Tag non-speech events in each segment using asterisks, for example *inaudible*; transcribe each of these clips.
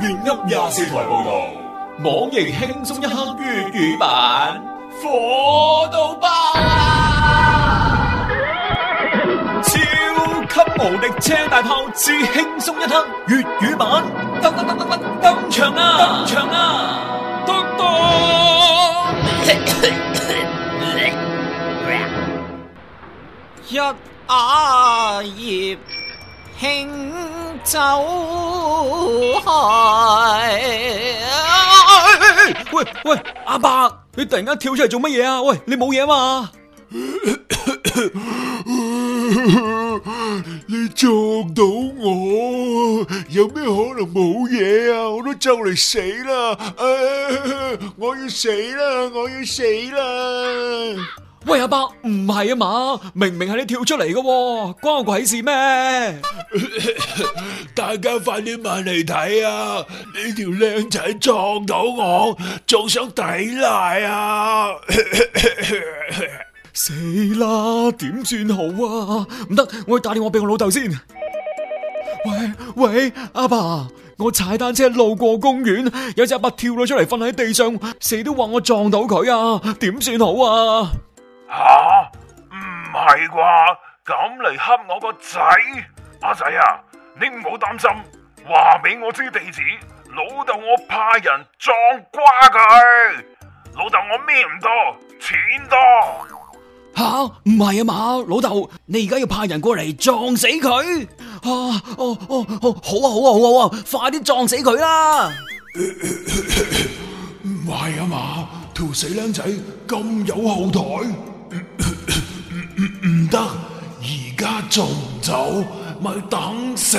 原粒廿四台報道，網易輕鬆一刻粵語版，火到爆啊！ *music* 超級無敵車大炮至輕鬆一刻粵語版，登登登登登，登場啊！登場啊！登登。一葉輕走開。喂喂，阿伯，你突然間跳出嚟做乜嘢啊？喂，你冇嘢嘛？你撞到我，有咩可能冇嘢啊？我都就嚟死啦，哎！我要死啦！我要死啦！喂阿伯，唔係啊嘛，明明係你跳出嚟噶，哦，關我鬼事咩？ *laughs* 大家快啲埋嚟睇啊！呢條靚仔撞到我，仲想抵賴啊！ *laughs* 死啦！點算好啊？唔得，我要打電話俾我老豆先。喂喂，阿爸，我踩單車路過公園，有隻阿伯跳咗出嚟，瞓喺地上，死都話我撞到佢啊！點算好啊？吓？啊，唔係啩？咁嚟恰我個仔？阿仔啊，你唔好擔心，話俾我知地址。老豆我派人撞瓜佢，老豆我咩唔多，錢多。吓、啊，唔係啊嘛，老豆，你而家要派人過嚟撞死佢啊！哦哦哦，好啊好啊好啊，好啊，快啲撞死佢啦！唔係啊嘛，條死靚仔咁有後台，唔 *laughs* 得，而家仲唔走咪等死。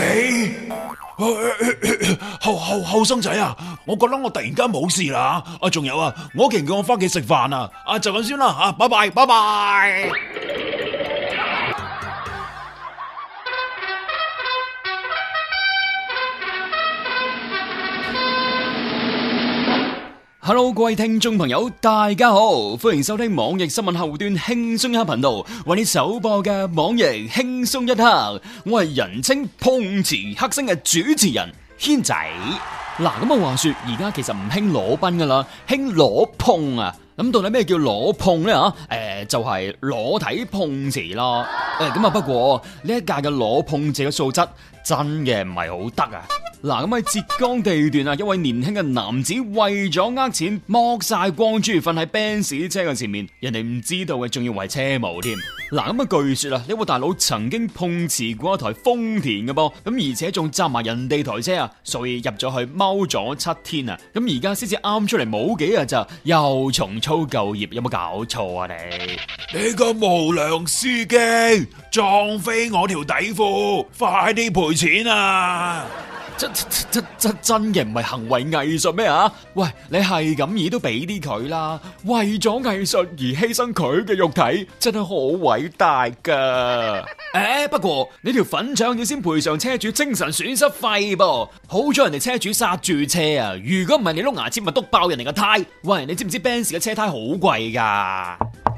*laughs* 後後後生仔啊！我覺得我突然間冇事啦啊！仲、啊、有啊，我屋企人叫我翻屋企食飯啊！啊，就咁先啦吓，拜拜拜拜。hello，各位聽眾朋友，大家好，歡迎收聽網易新聞客戶端輕鬆一刻頻道為你首播嘅網易輕鬆一刻，我係人稱碰瓷黑星嘅主持人軒仔。嗱，咁啊，話說而家其實唔興裸奔噶啦，興裸碰啊。咁到底咩叫裸碰咧？吓，誒，就係裸體碰瓷啦。誒，咁啊，不過呢一屆嘅裸碰者嘅素質真嘅唔係好得啊。嗱，咁喺、啊嗯、浙江地段啊，一位年輕嘅男子為咗呃錢，剝晒光珠，瞓喺奔馳車嘅前面，人哋唔知道嘅，仲要為車模添。嗱、啊，咁、嗯、啊、嗯，據說啊，呢、這、位、個、大佬曾經碰瓷過一台豐田嘅噃，咁而且仲揸埋人哋台車啊，所以入咗去踎咗七天啊，咁而家先至啱出嚟冇幾日咋，又重操舊業，有冇搞錯啊你？你個無良司機撞飛我條底褲，快啲賠錢啊！真真真真嘅唔係行為藝術咩啊？喂，你係咁而都俾啲佢啦，為咗藝術而犧牲佢嘅肉體，真係好偉大噶。誒、 *laughs* 欸，不過你條粉腸要先賠償車主精神損失費噃，好彩人哋車主剎住車啊！如果唔係你碌牙籤咪篤爆人哋個胎，喂，你知唔知 Benz 嘅車胎好貴噶？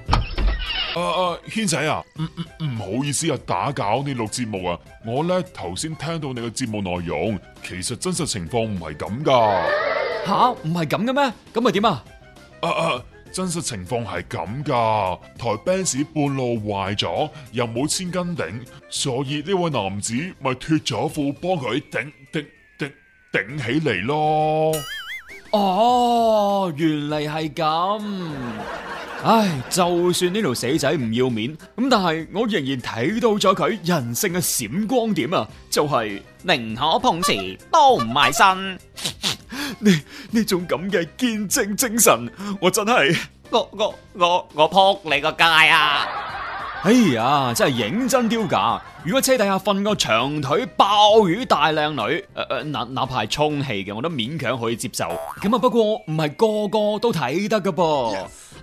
阿阿軒仔啊，唔唔唔，唔好意思啊，打攪你錄節目啊！我咧頭先聽到你嘅節目內容，其實真實情況唔係咁噶。吓，唔係咁嘅咩？咁咪點啊？啊啊，真實情況係咁噶，台平治半路壞咗，又冇千斤頂，所以呢位男子咪脫咗褲幫佢頂頂頂頂起嚟咯。哦，原嚟係咁。唉，就算呢條死仔唔要面，咁但係我仍然睇到咗佢人性嘅閃光點啊！就係、是、寧可碰瓷都唔賣身。呢 *laughs* 呢 *laughs* 種咁嘅堅貞精神，我真係我我我我撲你個街啊！哎呀、hey，啊，真係認真丟架！如果車底下瞓個長腿鮑魚大靚女，誒、呃、誒，那哪，哪怕係充氣嘅，我都勉強可以接受。咁啊，不過唔係個個都睇得㗎噃。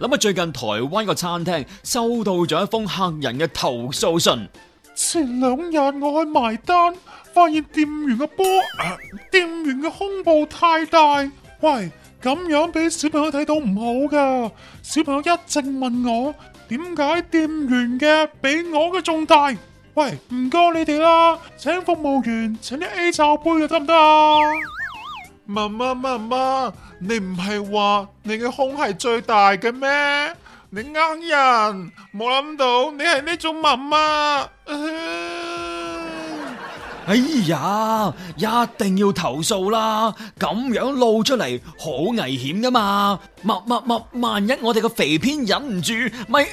諗下 Yes. 最近台灣個餐廳收到咗一封客人嘅投訴信。前兩日我去埋單，發現店員嘅波，店員嘅胸部太大，喂，咁樣俾小朋友睇到唔好㗎。小朋友一直問我。點解店員嘅比我嘅仲大？喂，唔該你哋啦，請服務員請啲 A 罩杯嘅得唔得啊？行行媽媽媽媽，你唔係話你嘅胸係最大嘅咩？你呃人，冇諗到你係呢種媽媽。哎呀，一定要投訴啦！咁樣露出嚟，好危險噶嘛，萬萬萬萬一我哋個肥片忍唔住，咪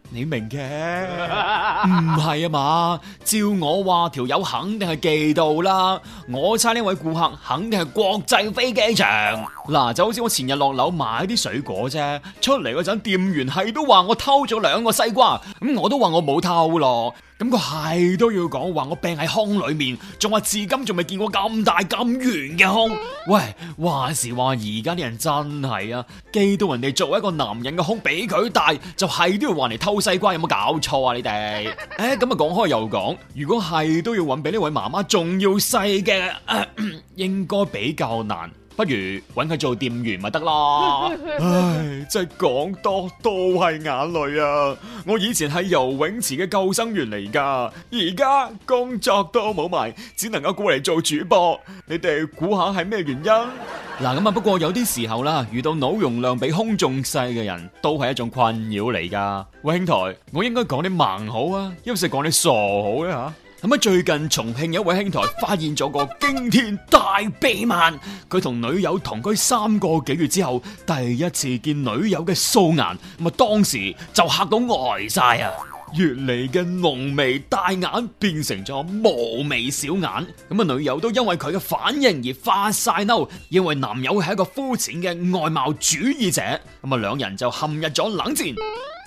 *laughs* 你明嘅？唔係啊嘛，照我話條友肯定係嫉妒啦，我猜呢位顧客肯定係國際飛機場。嗱，就好似我前日落樓買啲水果啫，出嚟嗰陣，店員係都話我偷咗兩個西瓜，咁我都話我冇偷咯，咁佢係都要講話我病喺胸裏面，仲話至今仲未見過咁大咁圓嘅胸。喂，話時話而家啲人真係啊，見到人哋作為一個男人嘅胸比佢大，就係都要話嚟偷西瓜，有冇搞錯啊？你哋，誒咁啊，講開又講，如果係都要搵俾呢位媽媽仲要細嘅，呃，應該比較難。不如搵佢做店員咪得囉！ *laughs* 唉，真係講多都係眼淚啊！我以前係游泳池嘅救生員嚟噶，而家工作都冇埋，只能夠過嚟做主播。你哋估下係咩原因？嗱，咁啊，不過有啲時候啦，遇到腦容量比胸仲細嘅人都係一種困擾嚟噶。喂，兄台，我應該講啲盲好啊，還是講啲傻好啊？吓？咁啊！最近重慶一位兄台發現咗個驚天大秘密，佢同女友同居三個幾月之後，第一次見女友嘅素顏，咁啊當時就嚇到呆曬啊！原嚟嘅濃眉大眼變成咗無眉小眼，咁啊女友都因為佢嘅反應而發晒嬲，因為男友係一個膚淺嘅外貌主義者，咁啊兩人就陷入咗冷戰。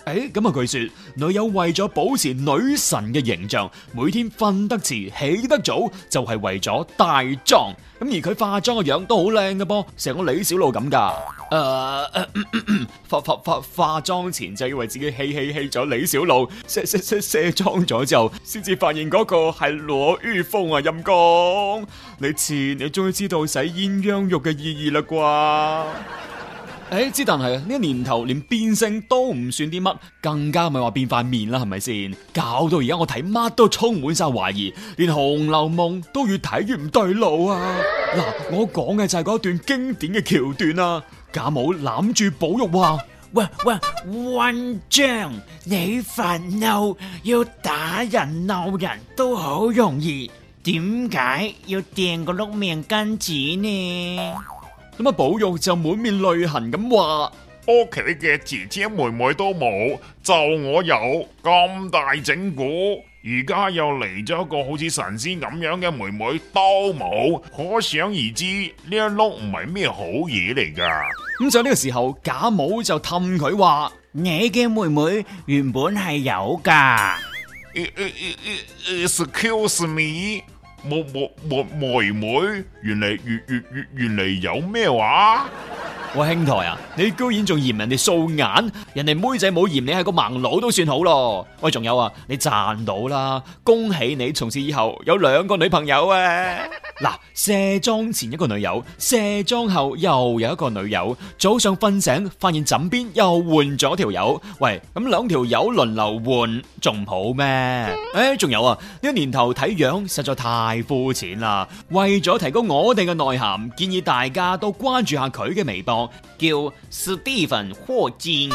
誒，咁啊！據說女友為咗保持女神嘅形象，每天瞓得遲、起得早，就係、是、為咗大妝。咁而佢化妝嘅樣都好靚嘅噃，成個李小璐咁噶。誒、呃，發發發化妝前就以為自己係係係咗李小璐，卸卸卸卸妝咗之後先至發現嗰個係羅玉鳳啊！陰公，你遲你終於知道洗鴛鴦浴嘅意義啦啩？誒，之但係啊，呢年頭連變性都唔算啲乜，更加咪話變塊面啦，係咪先？搞到而家我睇乜都充滿晒懷疑，連《紅樓夢》都越睇越唔對路啊！嗱、啊，我講嘅就係嗰段經典嘅橋段啊。賈母攬住寶玉話：喂喂，混帳，你發嬲要打人鬧人都好容易，點解要掟個碌命根子呢？咁啊！寶玉就滿面淚痕咁話：屋企嘅姐姐妹妹都冇，就我有咁大整蠱，而家又嚟咗一個好似神仙咁樣嘅妹妹都冇，可想而知呢一碌唔係咩好嘢嚟噶。咁就呢個時候，賈母就氹佢話：你嘅妹妹原本係有噶。Uh, uh, uh, excuse me。我我我妹妹，原嚟原原原嚟有咩話啊？喂，兄台啊，你居然仲嫌人哋素顏，人哋妹仔冇嫌你係個盲佬都算好咯。喂，仲有啊，你賺到啦，恭喜你，從此以後有兩個女朋友啊！嗱， *laughs* 卸妝前一個女友，卸妝後又有一個女友，早上瞓醒發現枕邊又換咗條友，喂，咁兩條友輪流換仲唔好咩？誒、 *laughs* 哎，仲有啊，呢年頭睇樣實在太膚淺啦，為咗提高我哋嘅內涵，建議大家都關注下佢嘅微博。叫 Stephen 霍金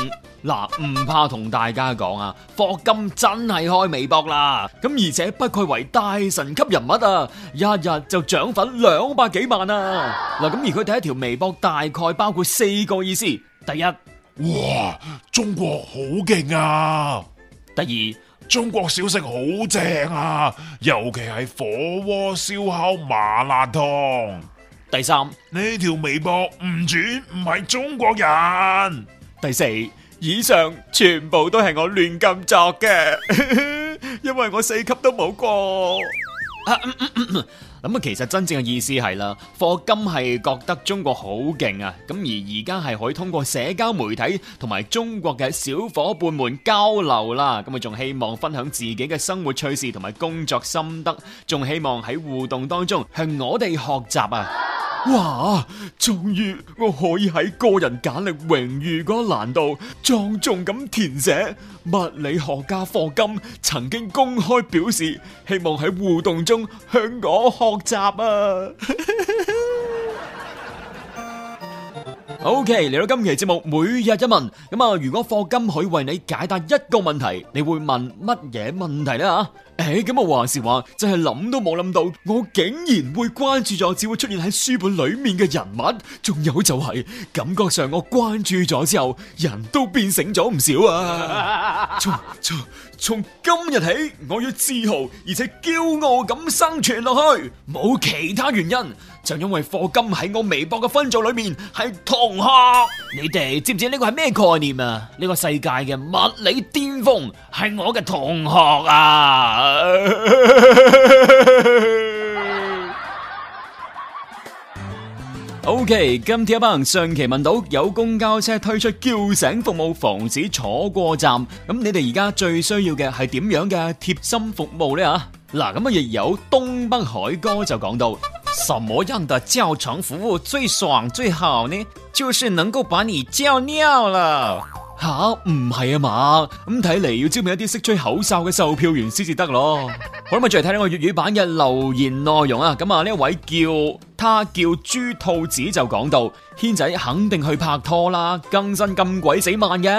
嗱，唔、啊、怕同大家講啊，霍金真係開微博啦，咁而且不愧為大神級人物啊，一日就漲粉兩百幾萬啊，嗱、啊、咁、啊、而佢第一條微博大概包括四個意思：第一，哇，中國好勁啊；第二，中國小食好正啊，尤其係火鍋、燒烤、麻辣燙。第三，呢條微博唔轉唔係中國人。第四，以上全部都係我亂咁作嘅， *laughs* 因為我四級都冇過。啊嗯嗯嗯咁啊，其實真正嘅意思係啦，霍金係覺得中國好勁啊，咁而而家係可以通過社交媒體同埋中國嘅小伙伴們交流啦，咁啊仲希望分享自己嘅生活趣事同埋工作心得，仲希望喺互動當中向我哋學習啊！哇，終於我可以喺個人簡歷榮譽嗰欄度莊重咁填寫，物理學家霍金曾經公開表示，希望喺互動中向我學。學習啊！OK，嚟到今期節目每日一問，咁啊，如果霍金可以為你解答一個問題，你會問乜嘢問題咧吓？誒，咁啊、欸、話時話，真係諗都冇諗到，我竟然會關注咗只會出現喺書本裏面嘅人物，仲有就係、是、感覺上我關注咗之後，人都變醒咗唔少啊！從從今日起，我要自豪而且驕傲咁生存落去，冇其他原因，就因為霍金喺我微博嘅分組裏面係同學。你哋知唔知呢個係咩概念啊？呢、這個世界嘅物理巔峰係我嘅同學啊！O、okay, K，今天一班上期問到有公交車推出叫醒服務防止坐過站，咁你哋而家最需要嘅係點樣嘅貼心服務呢？啊？嗱，咁啊亦有東北海哥就講到，什麼樣的叫床服務最爽最好呢？就是能夠把你叫尿啦。吓，唔係啊嘛，咁睇嚟要招聘一啲識吹口哨嘅售票員先至得咯。 *laughs* 好啦，咁再嚟睇睇我粵語版嘅留言內容啊。咁啊，呢一位叫他叫豬兔子就講到，軒仔肯定去拍拖啦，更新咁鬼死慢嘅。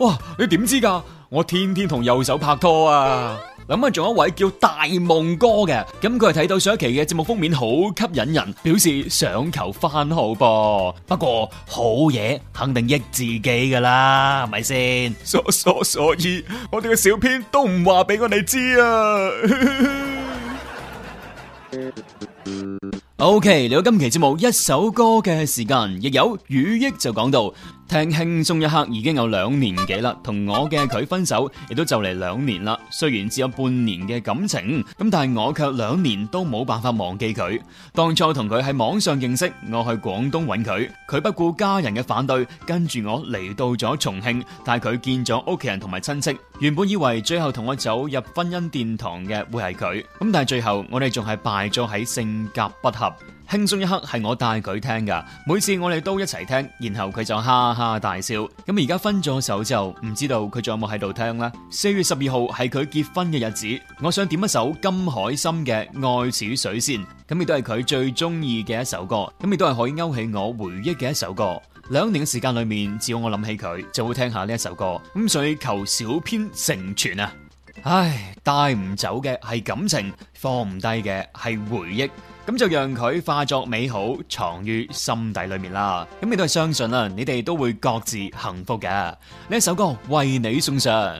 哇，你點知噶？我天天同右手拍拖啊！咁啊，仲有一位叫大夢哥嘅，咁佢係睇到上一期嘅節目封面好吸引人，表示想求番號啵。不過好嘢肯定益自己噶啦，係咪先？所所所以，我哋嘅小編都唔話俾我哋知啊。OK，嚟到今期節目一首歌嘅時間，亦有語益就講到。聽輕鬆一刻已經有兩年幾啦，同我嘅佢分手亦都就嚟兩年啦。雖然只有半年嘅感情，咁但係我卻兩年都冇辦法忘記佢。當初同佢喺網上認識，我去廣東揾佢，佢不顧家人嘅反對，跟住我嚟到咗重慶，帶佢見咗屋企人同埋親戚，原本以為最後同我走入婚姻殿堂嘅會係佢，咁但係最後我哋仲係敗咗喺性格不合。輕鬆一刻係我帶佢聽噶，每次我哋都一齊聽，然後佢就哈哈大笑。咁而家分咗手就唔知道佢仲有冇喺度聽啦。四月十二號係佢結婚嘅日子，我想點一首金海心嘅《愛似水仙》，咁亦都係佢最中意嘅一首歌，咁亦都係可以勾起我回憶嘅一首歌。兩年嘅時間裏面，只要我諗起佢，就會聽下呢一首歌。咁所以求小編成全啊！唉，帶唔走嘅係感情，放唔低嘅係回憶，咁就讓佢化作美好，藏於心底裏面啦。咁、嗯、你都係相信啦，啊，你哋都會各自幸福嘅。呢一首歌為你送上。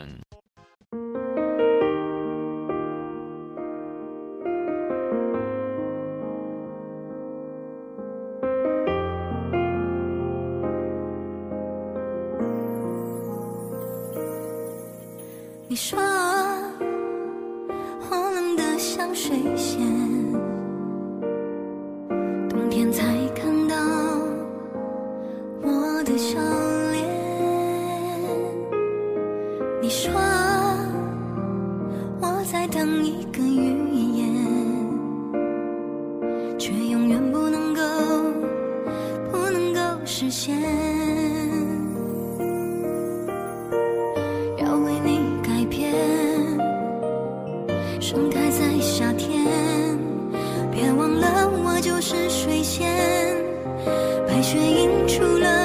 映出了。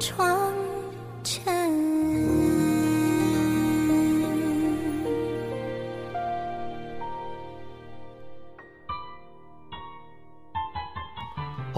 窗前。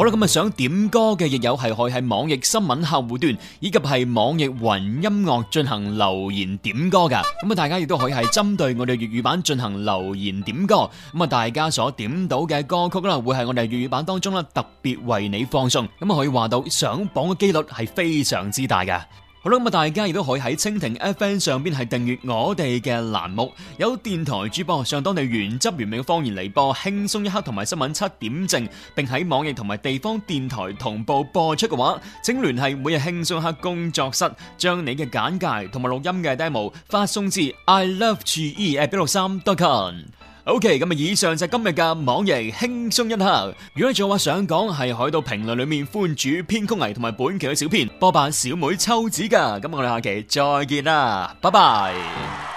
好啦，咁啊想點歌嘅亦有係可以喺網易新聞客戶端，以及係網易雲音樂進行留言點歌㗎。咁啊大家亦都可以係針對我哋粵語版進行留言點歌。咁啊大家所點到嘅歌曲呢，會喺我哋粵語版當中呢，特別為你放送。咁啊你可以話到，上榜嘅幾率係非常之大㗎。Okay, so 好啦，咁大家亦都可以喺蜻蜓 FM 上邊係訂閱我哋嘅欄目，有電台主播上當地原汁原味嘅方言嚟播輕鬆一刻同埋新聞七點正，並喺網易同埋地方電台同步播出嘅話，請聯繫每日輕鬆一刻工作室，將你嘅簡介同埋錄音嘅 demo 發送至 i love ge a b 六三 dot com。O.K. 咁啊，以上就係今日嘅網易輕鬆一刻。如果你仲有話想講，係喺度評論裏面寬主編曲藝同埋本期嘅小編播扮小妹秋子噶。咁我哋下期再見啦，拜拜。